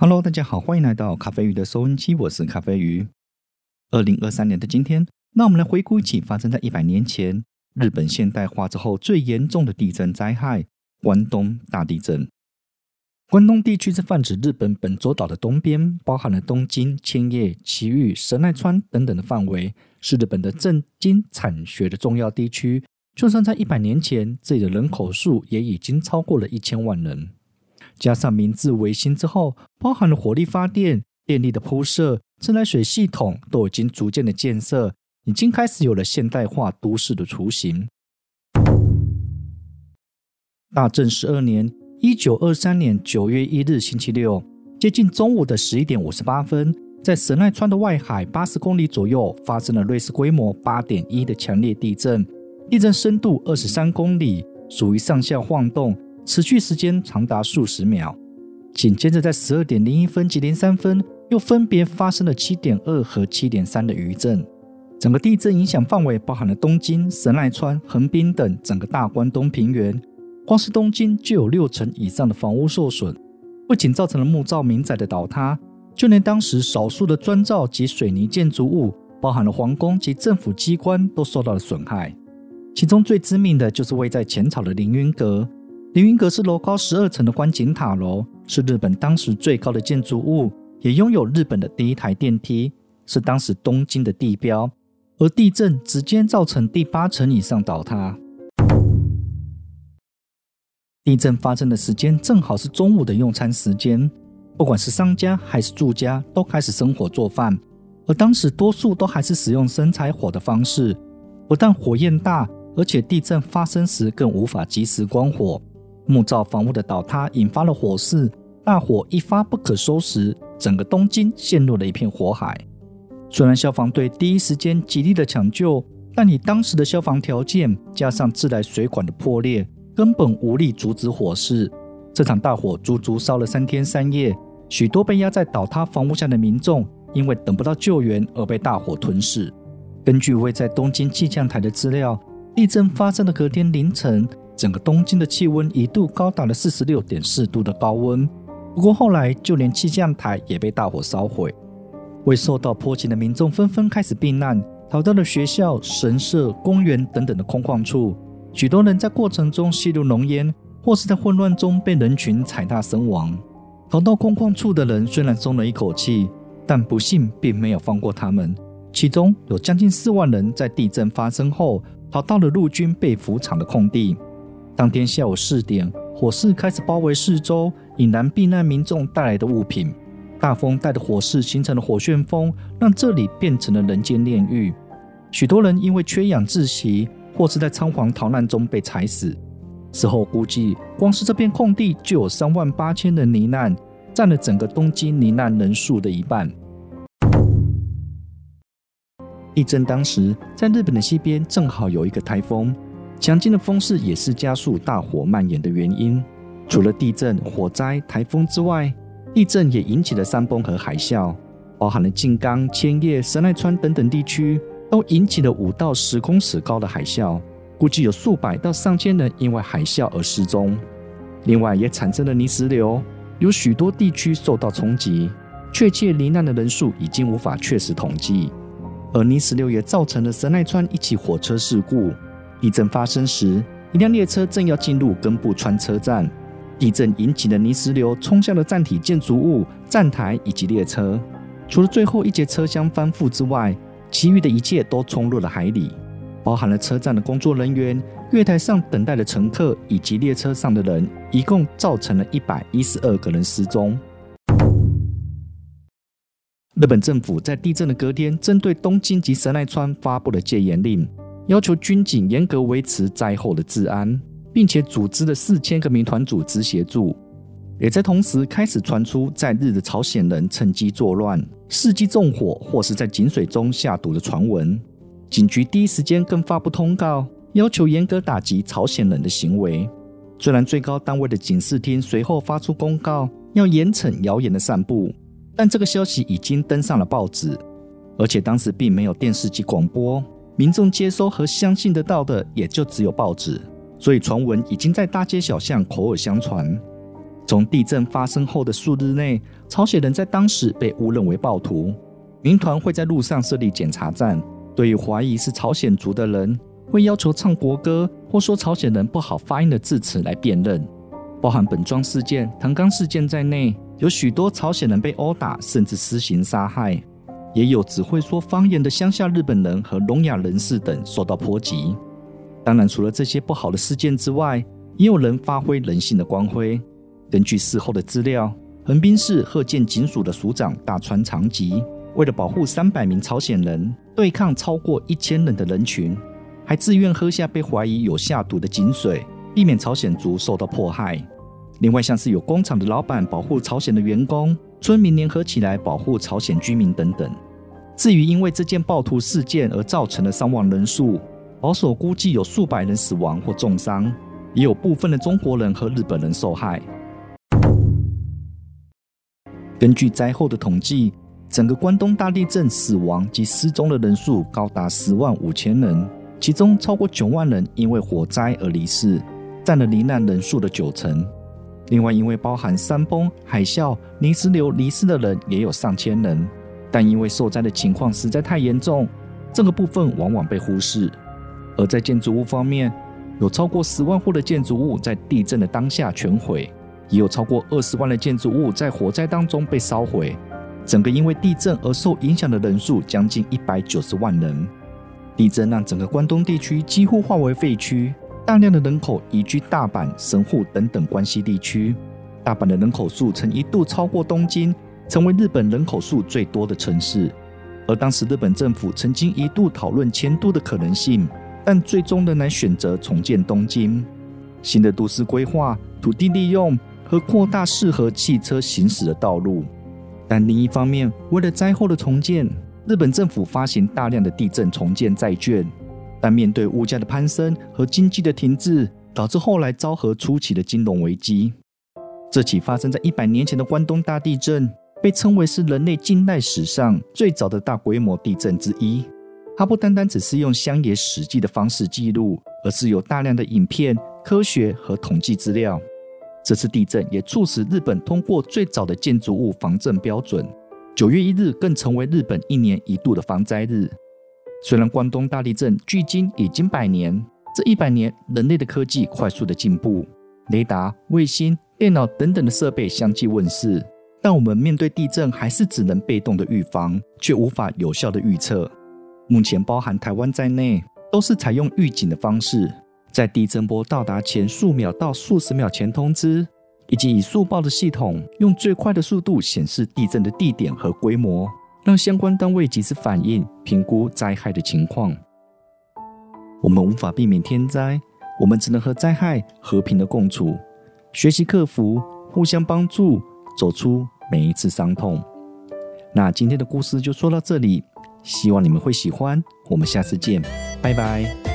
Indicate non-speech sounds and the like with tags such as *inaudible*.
Hello，大家好，歡迎來到咖啡魚的收音機，我是咖啡魚。二零二三年的今天，那我們來回顧一起發生在一百年前日本現代化之後最嚴重的地震災害——關東大地震。關東地區是泛指日本本州島的東邊，包含了東京、千葉、琦玉、神奈川等等的範圍，是日本的政經產學的重要地區。就算在一百年前，這裡的人口數也已經超過了一千萬人。加上明治維新之後，包含了火力發電、電力的鋪設、自來水系統都已經逐漸的建設，已經開始有了現代化都市的雛形。 *noise* 大正十二年（一九二三年）九月一日星期六，接近中午的十一點五十八分，在神奈川的外海八十公里左右發生了芮氏規模八點一的強烈地震，地震深度二十三公里，屬於上下晃動。持續時間長達數十秒，緊接着在十二點零一分及零三分，又分別發生了七點二和七點三的餘震。整個地震影響範圍包含了東京、神奈川、橫濱等整個大關東平原。光是東京就有六成以上的房屋受損，不僅造成了木造民宅的倒塌，就連當時少數的磚造及水泥建築物，包含了皇宮及政府機關，都受到了損害。其中最致命的就是位在淺草的凌雲閣。凌雲閣是樓高十二層的觀景塔樓，是日本當時最高的建築物，也擁有日本的第一台電梯，是當時東京的地標。而地震直接造成第八層以上倒塌。地震發生的時間正好是中午的用餐時間，不管是商家還是住家都開始生火做飯，而當時多數都還是使用生柴火的方式，不但火焰大，而且地震發生時更無法及時關火。木造房屋的倒塌引發了火勢，大火一發不可收拾，整個東京陷入了一片火海。雖然消防隊第一時間極力的搶救，但以當時的消防條件，加上自來水管的破裂，根本無力阻止火勢。這場大火足足燒了三天三夜，許多被壓在倒塌房屋下的民眾，因為等不到救援而被大火吞噬。根據位在東京氣象台的資料，地震發生的隔天凌晨，整個東京的氣溫一度高達了四十六點四度的高溫，不過後來就連氣象台也被大火燒毀。未受到波及的民眾紛紛開始避難，逃到了學校、神社、公園等等的空曠處。許多人在過程中吸入濃煙，或是在混亂中被人群踩踏身亡。逃到空曠處的人雖然鬆了一口氣，但不幸並沒有放過他們。其中有將近四萬人在地震發生後逃到了陸軍被服廠的空地。當天下午四點，火勢開始包圍四周，引燃避難民眾帶來的物品。大風帶着火勢形成的火旋風，讓這裡變成了人間煉獄。許多人因為缺氧窒息，或是在倉皇逃難中被踩死。事後估計，光是這片空地就有三萬八千人罹難，占了整個東京罹難人數的一半。地震當時，在日本的西邊正好有一個台風。強勁的風勢也是加速大火蔓延的原因。除了地震、火災、颱風之外，地震也引起了山崩和海嘯。包含了靜岡、千葉、神奈川等等地區，都引起了五到十公尺高的海嘯，估計有數百到上千人因為海嘯而失蹤。另外，也產生了泥石流，有許多地區受到衝擊，確切罹難的人數已經無法確實統計。而泥石流也造成了神奈川一起火車事故。地震發生時，一輛列車正要進入根部川車站。地震引起的泥石流沖向了站體建築物、站台以及列車。除了最後一節車廂翻覆之外，其餘的一切都沖入了海裡，包含了車站的工作人員、月台上等待的乘客以及列車上的人，一共造成了一百一十二個人失蹤。日本政府在地震的隔天，針對東京及神奈川發布了戒嚴令。要求軍警嚴格維持災後的治安，並且組織了四千個民團組織協助。也在同時開始傳出在日的朝鮮人趁機作亂、伺機縱火或是在井水中下毒的傳聞。警局第一時間更發布通告，要求嚴格打擊朝鮮人的行為。雖然最高單位的警視廳隨後發出公告，要嚴懲謠言的散布，但這個消息已經登上了報紙，而且當時並沒有電視及廣播。民眾接收和相信得到的也就只有報紙，所以傳聞已經在大街小巷口耳相傳。從地震發生後的數日內，朝鮮人在當時被誤認為暴徒。民團會在路上設立檢查站，對於懷疑是朝鮮族的人，會要求唱國歌或說朝鮮人不好發音的字詞來辨認。包含本莊事件、藤岡事件在內，有許多朝鮮人被毆打甚至私刑殺害。也有只會說方言的鄉下日本人和聾啞人士等受到波及。當然，除了這些不好的事件之外，也有人發揮人性的光輝。根據事後的資料，橫濱市鶴見警署的署長大川常吉，為了保護三百名朝鮮人，對抗超過一千人的人群，還自願喝下被懷疑有下毒的井水，避免朝鮮族受到迫害。另外，像是有工廠的老板保護朝鮮的員工。村民聯合起來保護朝鮮居民等等。至於因為這件暴徒事件而造成的傷亡人數，保守估計有數百人死亡或重傷，也有部分的中國人和日本人受害。根據災後的統計，整個關東大地震死亡及失蹤的人數高達十萬五千人，其中超過九萬人因為火災而離世，占了罹難人數的九成。另外，因為包含山崩、海嘯、泥石流，離世的人也有上千人。但因為受災的情況實在太嚴重，這個部分往往被忽視。而在建築物方面，有超過十萬戶的建築物在地震的當下全毀，也有超過二十萬的建築物在火災當中被燒毀。整個因為地震而受影響的人數將近一百九十萬人。地震讓整個關東地區幾乎化為廢墟。大量的人口移居大阪、神戶等等關西地區。大阪的人口數曾一度超過東京，成為日本人口數最多的城市。而當時日本政府曾經一度討論遷都的可能性，但最終仍然選擇重建東京。新的都市規劃、土地利用和擴大適合汽車行駛的道路。但另一方面，為了災後的重建，日本政府發行大量的地震重建債券。但面對物價的攀升和經濟的停滯，導致後來昭和初期的金融危機。這起發生在一百年前的關東大地震，被稱為是人類近代史上最早的大規模地震之一。它不單單只是用鄉野史記的方式記錄，而是有大量的影片、科學和統計資料。這次地震也促使日本通過最早的建築物防震標準，九月一日更成為日本一年一度的防災日。雖然關東大地震距今已經百年，這一百年人類的科技快速的進步，雷達、衛星、電腦等等的設備相繼問世，但我們面對地震還是只能被動的預防，卻無法有效的預測。目前包含台灣在內，都是採用預警的方式，在地震波到達前數秒到數十秒前通知，以及以速報的系統，用最快的速度顯示地震的地點和規模。讓相關單位及時反映，評估災害的情況。我們無法避免天災，我們只能和災害和平的共處，學習克服，互相幫助，走出每一次傷痛。那今天的故事就說到這裡，希望你們會喜歡。我們下次見，拜拜。